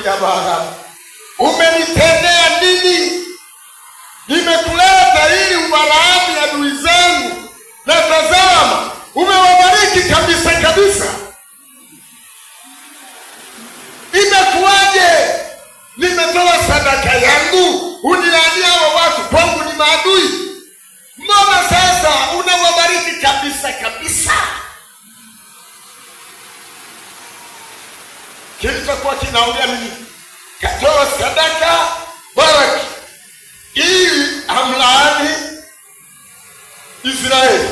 vya Bwana. Umenitendea nini? Nimekuleta ili ubalaani adui zangu, na tazama, umewabariki kabisa kabisa. Imekuwaje? Nimetoa sadaka yangu unilaania naongea mimi, katoa sadaka baraka ili amlaani Israeli,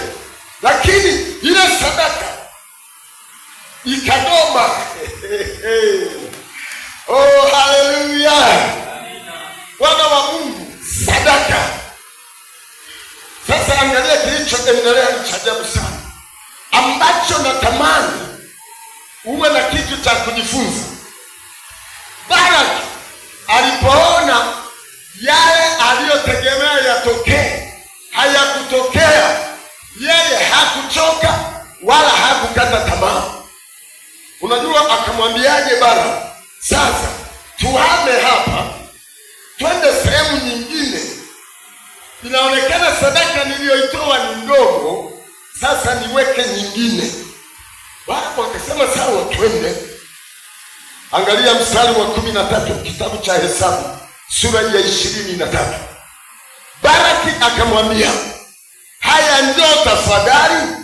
lakini ile sadaka ikagoma. Oh, haleluya! Wana wa Mungu, sadaka sasa. Angalia kilichoendelea ni cha ajabu sana, ambacho natamani uwe na kitu cha kujifunza. kwamba unajua akamwambiaje Bara, sasa tuhame hapa twende sehemu nyingine, inaonekana sadaka niliyoitoa ni ndogo, sasa niweke nyingine. Baba akasema sawa, twende. Angalia mstari wa kumi na tatu kitabu cha Hesabu sura ya ishirini na tatu Baraki akamwambia haya, ndio tafadhali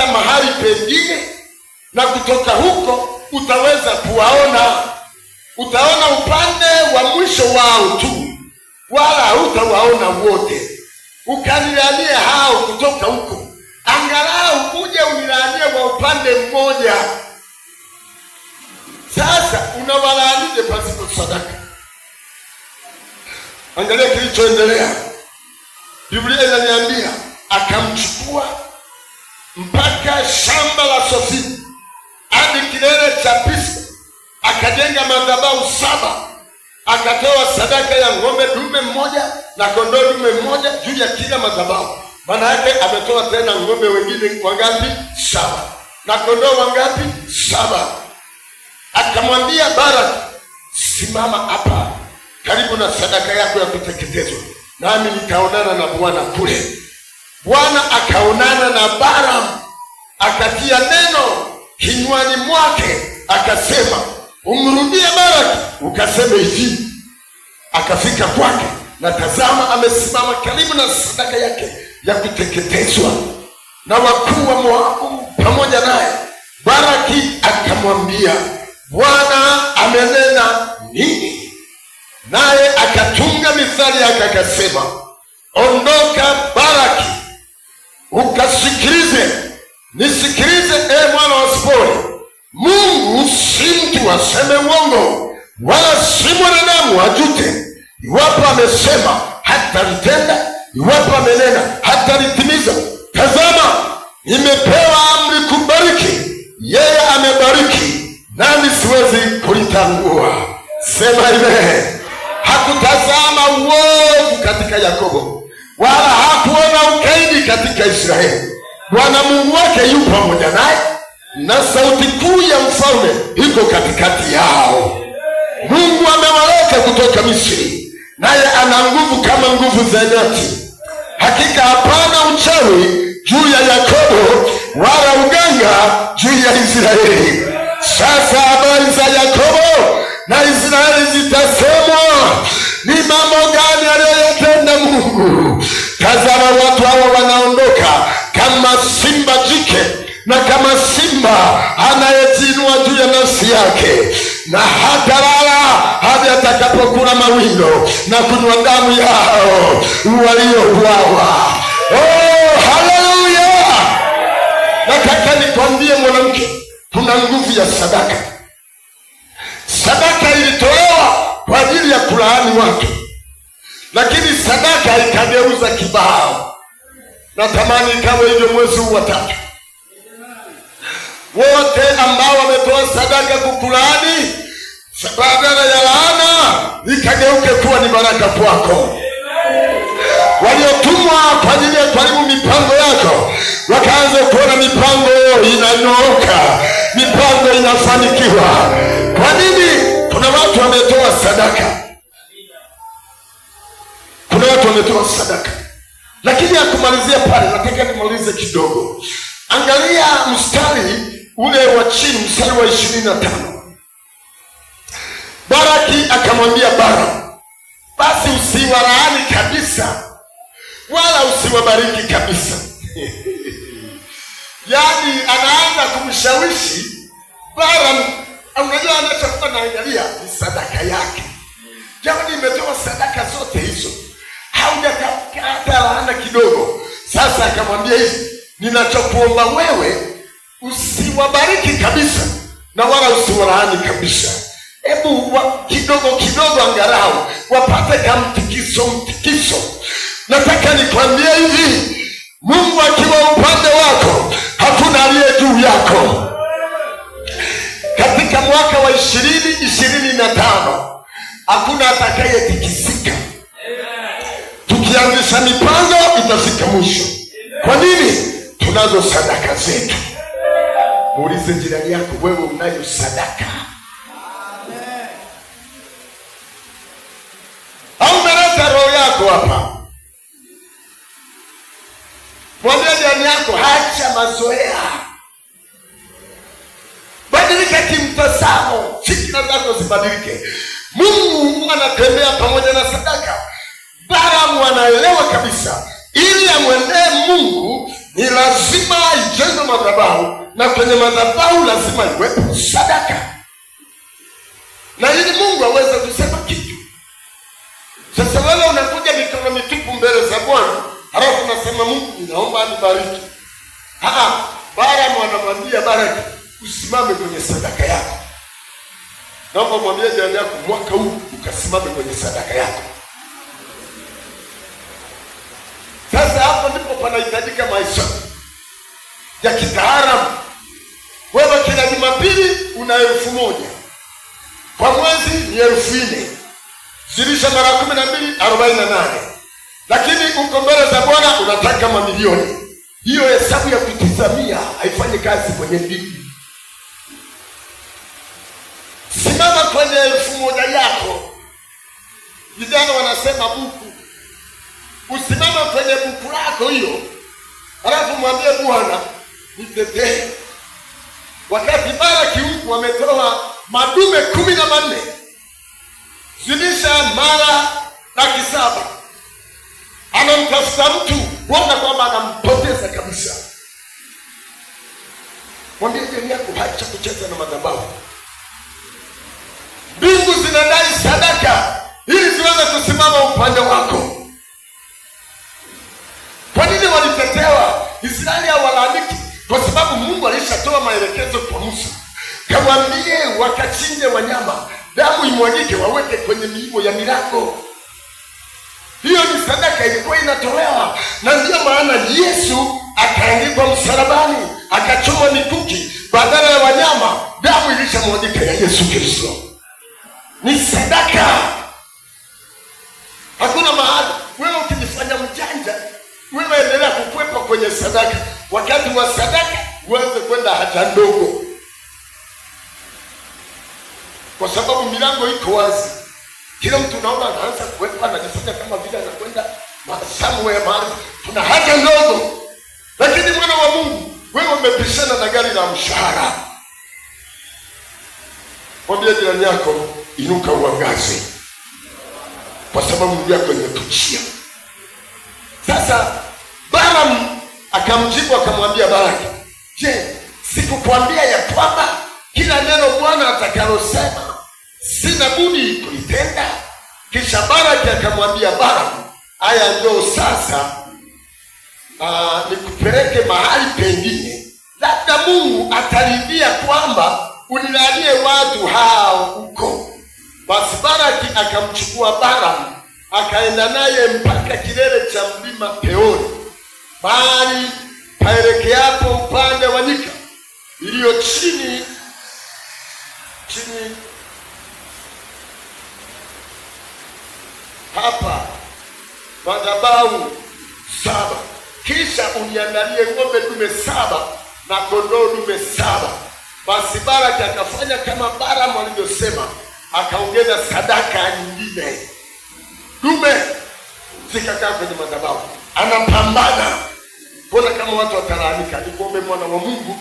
hata mahali pengine, na kutoka huko utaweza kuwaona, utaona upande wa mwisho wao tu, wala hutawaona wote. Ukanilalia hao kutoka huko, angalau uje unilalie wa upande mmoja. Sasa unawalaanije pasipo sadaka? Angalia kilichoendelea. Biblia inaniambia akamchukua mpaka shamba la sosisi hadi kilele cha Pisga, akajenga madhabahu saba, akatoa sadaka ya ng'ombe dume mmoja na kondoo dume mmoja juu ya kila madhabahu. Maana yake ametoa tena ng'ombe wengine wangapi? Saba na kondoo wangapi? Saba. Akamwambia Baraki, simama hapa karibu na sadaka yako ya kuteketezwa, nami nitaonana na Bwana kule. Bwana akaonana na Bara akatia neno kinywani mwake, akasema umrudie Baraki ukaseme hivi, akafika kwake na tazama, amesimama karibu na sadaka yake ya kuteketezwa na wakuu wa Moabu pamoja naye. Baraki akamwambia, Bwana amenena nini? Naye akatunga mithali yake akasema, ondoka Baraki, ukasikilize Nisikilize e mwana wa Sipori, Mungu si mtu aseme uongo, wala si mwanadamu ajute. Iwapo amesema hatalitenda, iwapo amenena hatalitimiza. Tazama, nimepewa amri kubariki, yeye amebariki, nani siwezi kulitangua. Sema ile. Hakutazama uovu katika Yakobo, wala hakuona ukaidi katika Israeli Bwana Mungu wake yu pamoja naye, na sauti kuu ya mfalme iko katikati yao. Mungu amewaleta kutoka Misri, naye ana nguvu kama nguvu za nyati. Hakika hapana uchawi juu ya Yakobo wala uganga juu ya Israeli. Sasa habari za Yakobo na Israeli zitasemwa, ni mambo gani aliyoyatenda Mungu? Tazama, watu hawa wanaondoka kama simba jike na kama simba anayejiinua juu ya nafsi yake, na hata lala hadi atakapokula mawindo na kunywa damu yao waliouawa. Oh, haleluya! Nataka nikwambie mwanamke, kuna nguvu ya sadaka. Sadaka ilitolewa kwa ajili ya kulaani watu, lakini sadaka ikageuza kibao Natamani ikawe hivyo mwezi huu wa tatu. Wote ambao wametoa sadaka kukulaani, badala ya laana ikageuke kuwa ni baraka kwako. Waliotumwa kwa ajili ya kuharibu mipango yako wakaanza kuona mipango inanyooka, mipango inafanikiwa. Kwa nini? Kuna watu wametoa sadaka, kuna watu wametoa sadaka lakini akumalizia pale, nataka nimalize kidogo. Angalia mstari ule wa chini, mstari wa ishirini na tano. Baraki akamwambia bara basi usiwalaani kabisa wala usiwabariki kabisa. Yaani anaanza kumshawishi Bara. Unajua anachokuwa naangalia ni sadaka yake. Jamani, imetoa sadaka zote hizo haujakata laana kidogo. Sasa akamwambia hivi, ninachokuomba wewe usiwabariki kabisa na wala usiwalaani kabisa. Hebu kidogo kidogo, angalau wapate kamtikiso mtikiso. Nataka nikwambie hivi, Mungu akiwa upande wako hakuna aliye juu yako. Katika mwaka wa ishirini ishirini na tano hakuna atakayetikisika itaanzisha mipango, itafika mwisho. Kwa nini? Tunazo sadaka zetu. Muulize jirani yako, wewe unayo sadaka au umeleta roho yako hapa? Mwambie jirani yako, hacha mazoea, badilika kimtazamo, fikra zako zibadilike. Mungu anatembea pamoja na sadaka mtaalamu anaelewa kabisa, ili amwendee Mungu ni lazima ijenge madhabahu, na kwenye madhabahu lazima iwepo sadaka, na ili Mungu aweze kusema kitu. Sasa wewe unakuja mikono mitupu mbele za Bwana, halafu unasema Mungu, ninaomba bariki Balaamu anamwambia Baraki, usimame kwenye sadaka yako. Naomba mwambie jirani yako, mwaka huu ukasimame kwenye sadaka yako. Sasa hapo ndipo panahitajika maisha ya kitaalamu. Wewe kila Jumapili una elfu moja kwa mwezi ni elfu nne zilisha mara kumi na mbili arobaini na nane lakini uko mbele za Bwana unataka mamilioni. Hiyo hesabu ya kutizamia haifanyi kazi kwenye dini. Simama kwenye elfu moja yako. Vijana wanasema buku usimama kwenye buku lako hiyo, halafu mwambie Bwana nitetee. Wakati mara huku wametoa madume kumi na manne zidisha mara laki saba, anamtafuta mtu kuona kwamba anampoteza kabisa. Mwambie jeni yako, hacha kucheza na madhabahu. Mbingu zinadai sadaka ili ziweze kusimama upande wako. walipewa. Israeli hawalalamiki kwa sababu Mungu alishatoa maelekezo kwa Musa, kawambie wakachinje wanyama, damu imwagike, waweke kwenye miibo ya milango. Hiyo ni sadaka ilikuwa inatolewa, na ndiyo maana Yesu akaangikwa msalabani, akachoma mikuki badala ya wanyama, damu ilishamwagika ya Yesu Kristo. Ni sadaka, hakuna mahali kwenye sadaka. Wakati wa sadaka uanze kwenda hata ndogo, kwa sababu milango iko wazi. Kila mtu naona anaanza kuwepa, anajifanya kama vile anakwenda masamu ya maana, tuna haja ndogo. Lakini mwana wa Mungu, wewe umepishana na gari la mshahara. Mwambie jirani yako, inuka uangaze, kwa sababu ndugu yako imetuchia sasa bara Akamjibu akamwambia Baraki, je, sikukwambia ya kwamba kila neno Bwana atakalosema sina budi kulitenda? Kisha Baraki akamwambia Balamu, haya ndio sasa uh, nikupeleke mahali pengine, labda Mungu ataridhia kwamba unilalie watu hao huko. Basi Baraki akamchukua Balamu akaenda naye mpaka kile bali paelekeapo upande wa nyika iliyo chini chini hapa madhabahu saba, kisha uniandalie ng'ombe dume saba na kondoo dume saba. Basi Baraki akafanya kama Balamu alivyosema, akaongeza sadaka nyingine. Dume zikakaa kwenye madhabahu, anapambana Mbona kama watu watalalamika? Nikuombe mwana wa Mungu,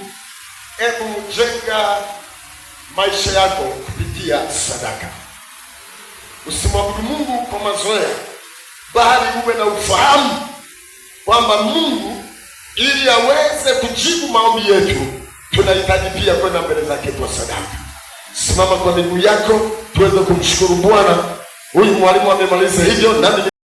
hebu jenga maisha yako kupitia sadaka. Usimwabudu Mungu kwa mazoea, bali uwe na ufahamu kwamba Mungu ili aweze kujibu maombi yetu tunahitaji pia kwenda mbele zake kwa sadaka. Simama kwa miguu yako tuweze kumshukuru Bwana. Huyu mwalimu amemaliza hivyo nami